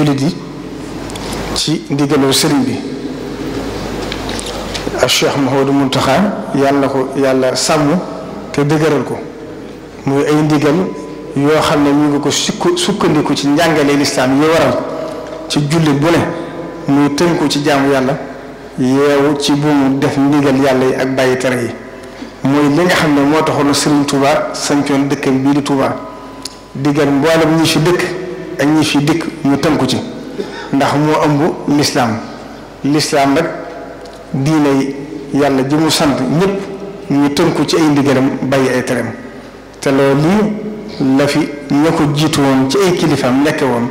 jullit yi ci ndigaloo sëriñ bi ak Cheikh Mouhamadou Mountakha yàlla ko yàlla sàmm te dëgëral ko mooy ay ndigal yoo xam ne ñu ngi ko sukk sukkandiku ci njàngale lislaam yi waral ci jullit bu ne muy tënku ci jaamu yàlla yeewu ci buumu def ndigal yàlla yi ak bàyyi tere yi mooy li nga xam ne moo taxoon Sëriñ Touba sancoon dëkkam bii di Touba digal mboolem ñi fi dëkk ak ñi fi dikk ñu tënku ci ndax moo ëmb lislaam lislaam nag diine yàlla ji mu sant ñëpp ñu tënku ci ay ndigalam bàyyi ay teram te loolu lii la fi ña ko jiitu woon ci ay kilifaam nekke woon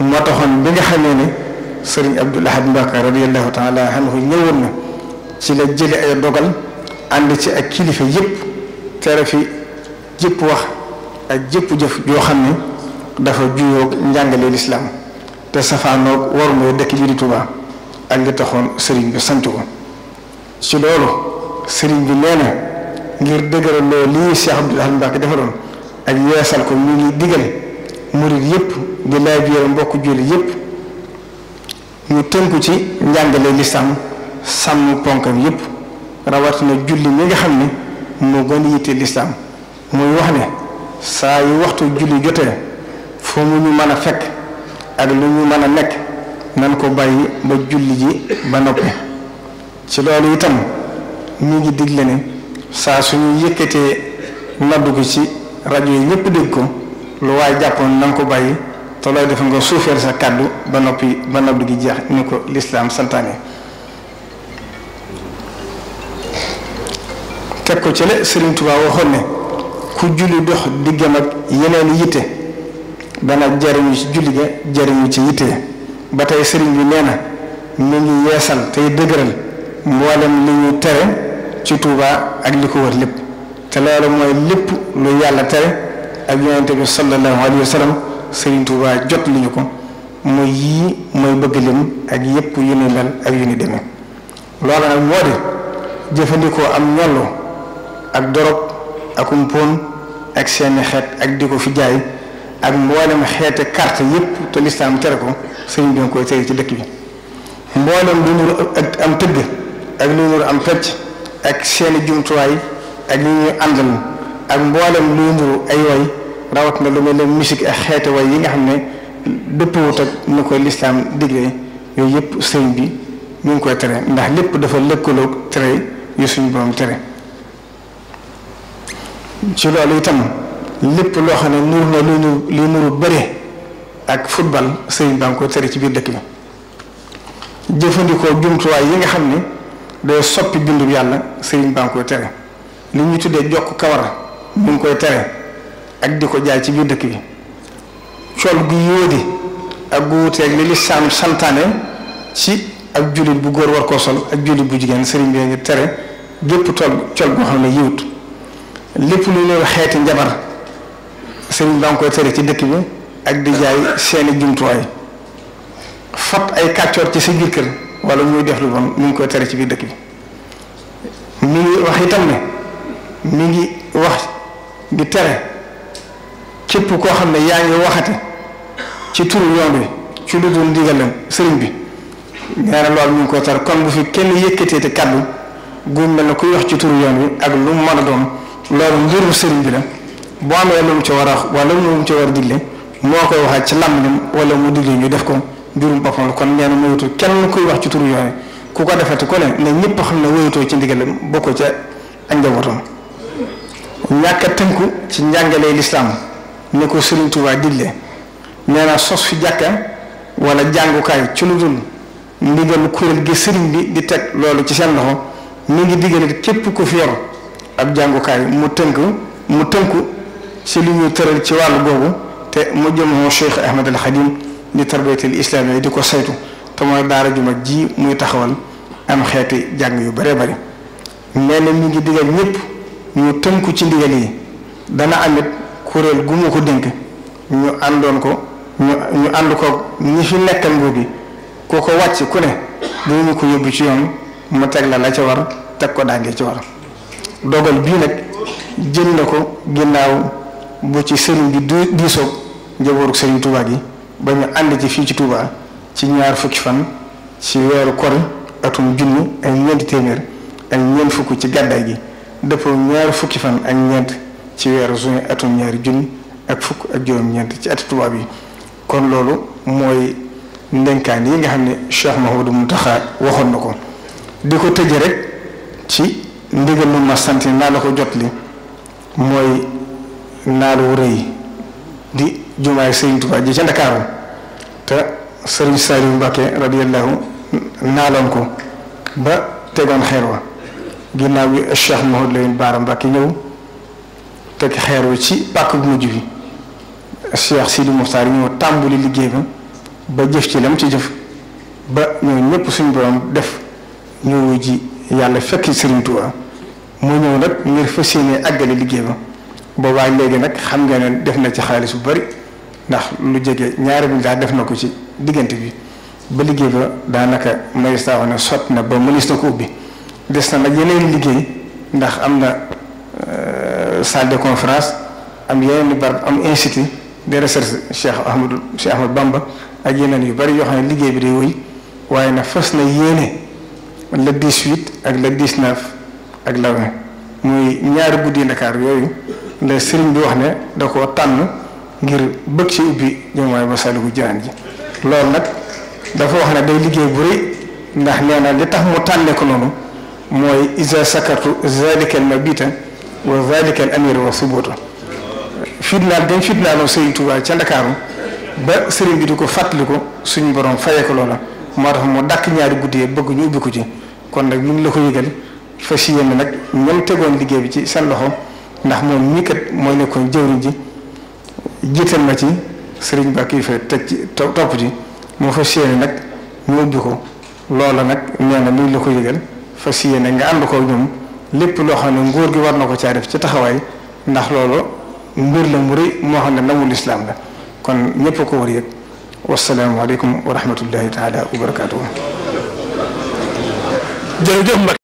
moo taxoon bi nga xamee ne sëriñ Abdul Ahad Mbacké radiyallahu taala anhu ñëwoon na ci la jële ay dogal ànd ci ak kilifa yëpp tere fi jëpp wax ak jëpp jëf yoo xam ne dafa juyoog njàngale lislaam te safaanoog war mooy dëkk bi di ak li taxoon sëriñ bi sant ko ci loolu sëriñ bi nee na ngir dëgëral loolu lii Cheikh Abdoul Ahad Mbacké defaloon ak yeesal ko ñu ngi digal murid yëpp di laaj biir mbokk julli yëpp ñu tënku ci njàngale lislaam sàmm ponkam yëpp rawatina julli mi nga xam ni moo gën yitte lislaam muy wax ne saa yu waxtu julli jotee fu mu ñu mën a fekk ak lu ñu mën a nekk nan ko bàyyi ba julli ji ba noppi ci loolu itam ñu ngi digle ne saa suñu yëkkatee noddu ko ci rajo yi ñëpp dégg ko lu waaye jàppoon nan ko bàyyi te looy def nga suufeel sa kàddu ba noppi ba noddu gi jeex ni ko lislaam santaane teg ko ci la Sëriñ Tuubaa waxoon ne ku julli dox diggam ak yeneen yitte dana jariñu ci julli ga jariñu ci yitte ba tey sëriñ yu nee na mi ngi yeesal tey dëgëral mboolem li ñu tere ci Tuuba ak li ko wër lépp te loolu mooy lépp lu yàlla tere ak yonente bi sallallahu alayhi wa sëriñ Tuuba jot li ñu ko mooy yii mooy bëgg lim ak yépp yu ni lal ak yu ni demee loolu nag moo di jëfandikoo am ñollu ak dorog ak umpon ak seeni xeet ak di ko fi jaay ak mboolem xeete carte yëpp te lislaam tere ko sëñ bi nga koy tere ci dëkk bi mboolem lu nuru ak am tëgg ak lu nuru am fecc ak seeni jumtuwaay ak li ñuy ak mboolem lu nuru ay way rawat na lu mel ne musique ak xeete way yi nga xam ne dëppwut ak ni ko lislaam digle yooyu yëpp sëñ bi ñu koy tere ndax lépp dafa lëkkaloog tere yu suñu borom tere ci loolu itam lépp loo xam ne nur na lu ñu football sëriñ baa ngi koy tere ci biir dëkk bi jëfandikoo jumtuwaay yi nga xam ne day soppi bindum yàlla sëriñ baa ngi koy tere li ñu tuddee jokk kawar mu ngi koy tere ak di ko jaay ci biir dëkk bi col gu yóodi ak gu wuteeg li lislaam santaane ci ak jullit bu góor war koo sol ak jullit bu jigéen sëriñ bi ngi tere gépp tol col goo xam ne yiwut lépp lu loolu xeeti njabar sëriñ baa ngi koy tere ci dëkk bi ak di jaay seeni jumtuwaay fat ay kàccoor ci sa biir kër wala muy def lu bon mu ngi koy tere ci biir dëkk bi mi ngi wax itam ne mi ngi wax di tere képp koo xam ne yaa ngi waxati ci turu yoon wi ci lu dul ndigalam sëriñ bi nee na loolu mu ngi koy tere kon bu fi kenn yëkkatee te kàddu gu mel ne kuy wax ci turu yoon wi ak lu mu mën a doon loolu mbirum sëriñ bi la boo amee lu mu ci war a wax wala lu mu ci war a digle moo koy waxee ci làmmiñam wala mu digle ñu def ko mbirum boppam la kon nee na moytu kenn koy wax ci turu yooyu ku ko defati ko ne ne ñëpp xam ne woyatoo ci ndigalam bokkoo ca ak njabootam ñàkk tënku ci njàngalee lislaam ne ko Sëriñ Tuubaa digle sos fi jàkka wala jàngukaay ci lu dul ndigal kuréel gi sëriñ bi di teg loolu ci seen loxo mu ngi diggale képp ko fi yor ab jàngukaay mu tënk mu tënku ci li ñu tëral ci wàll googu. te mu jëmoo Cheikh Ahmed al Khadim li tarbiyatil islam yi di ko saytu te mooy daara ju mag ji muy taxawal am xeeti jàng yu bare bari nee na mi ngi digal ñëpp ñu tënku ci ndigal yi dana amit kuréel gu mu ko dénk ñu àndoon ko ñu ànd ko ñi fi nekkal nguur gi ku ko wàcc ku ne dinañu ko yóbbu ci yoon ma teg la la ca war teg ko daangee ci war dogal bii nag jël na ko ginnaaw bu ci sëriñ bi diisoog njabootu sëriñ tubaab yi ba ñu ànd ci fii ci Touba ci ñaar fukki fan ci weeru kor atum junni ak ñeenti téeméer ak ñeent fukk ci gàddaay gi dëppoo ñaar fukki fan ak ñeent ci weeru juin atum ñaari junni ak fukk ak juróom-ñeent ci at tubaab yi kon loolu mooy ndenkaan yi nga xam ne Cheikh Mahoudou Moutakha waxoon na ko di ko tëjee rek ci ndigal lu ma sant naa la ko jot li mooy naal wu rëy di jumaay Serigne Touba ji ca Ndakaaru te Serigne Saliou Mbacké radiyallahu naaloon ko ba tegoon xeer wa ginnaaw bi Cheikh Mouhamadou Lamine Bara Mbacké ñëw teg xeer wa ci pàkk bu mujj bi Cheikh Sidi Mokhtar ñëw tàmbuli liggéey ba ba jëf ci lam ci jëf ba ñooñu ñëpp suñu borom def ñëw ji yàlla fekk Serigne Touba mu ñëw nag ngir fas yéene àggale liggéey ba. boobaa léegi nag xam nga ne def na ci xaalis bu bari ndax lu jege ñaari milliards def na ko ci diggante bi ba liggéey ba daanaka may taa ne sot na ba mënees na ko ubbi des na nag yeneen liggéey ndax am na euh, salle de conférence am yeneen i barab am institut de recherche Cheikh Ahmadou Cheikh Ahmadou Bamba ak yeneen yu bari yoo xam ne liggéey bi day wéy waaye nag fas na yéene le 18 ak le 19 ak le 20 muy ñaari guddi Ndakaar yooyu ndax sëriñ bi wax ne da ko tànn ngir bëgg ci ubbi jumaay Masaalikul Jinaan ji loolu nag dafa wax ne day liggéey bu rëy ndax nee na li tax mu tànne ko noonu mooy isa sakartu zalikal mabita wa zalikal amir wa subuta fitnaal dañ fitnaaloo sëriñ Tuubaa ca Ndakaaru ba sëriñ bi di ko fàttali ko suñu borom fayee ko loola moo tax mu dàkk ñaari guddi bëgg ñu ubbi ko ci kon nag mu la ko yëgal fas yéene nag ñoom tegoon liggéey bi ci seen loxo ndax moom mii kat mooy nekkoon jëwriñ ji jiital ma ci sëriñ Ba kii fa teg ci topp ji moo fas yéene nag ñu ubbi ko loola nag nee na mi la ko yëgal fas yéene nga ànd ko ñoom lépp loo xam ne nguur gi war na ko caa def ci taxawaay ndax loolu mbir la mu rëy moo xam ne namul islaam la kon ñëpp ko war yëg wasalaamaaleykum wa rahmatullahi taala wa barakaatu. jërëjëf Mbacke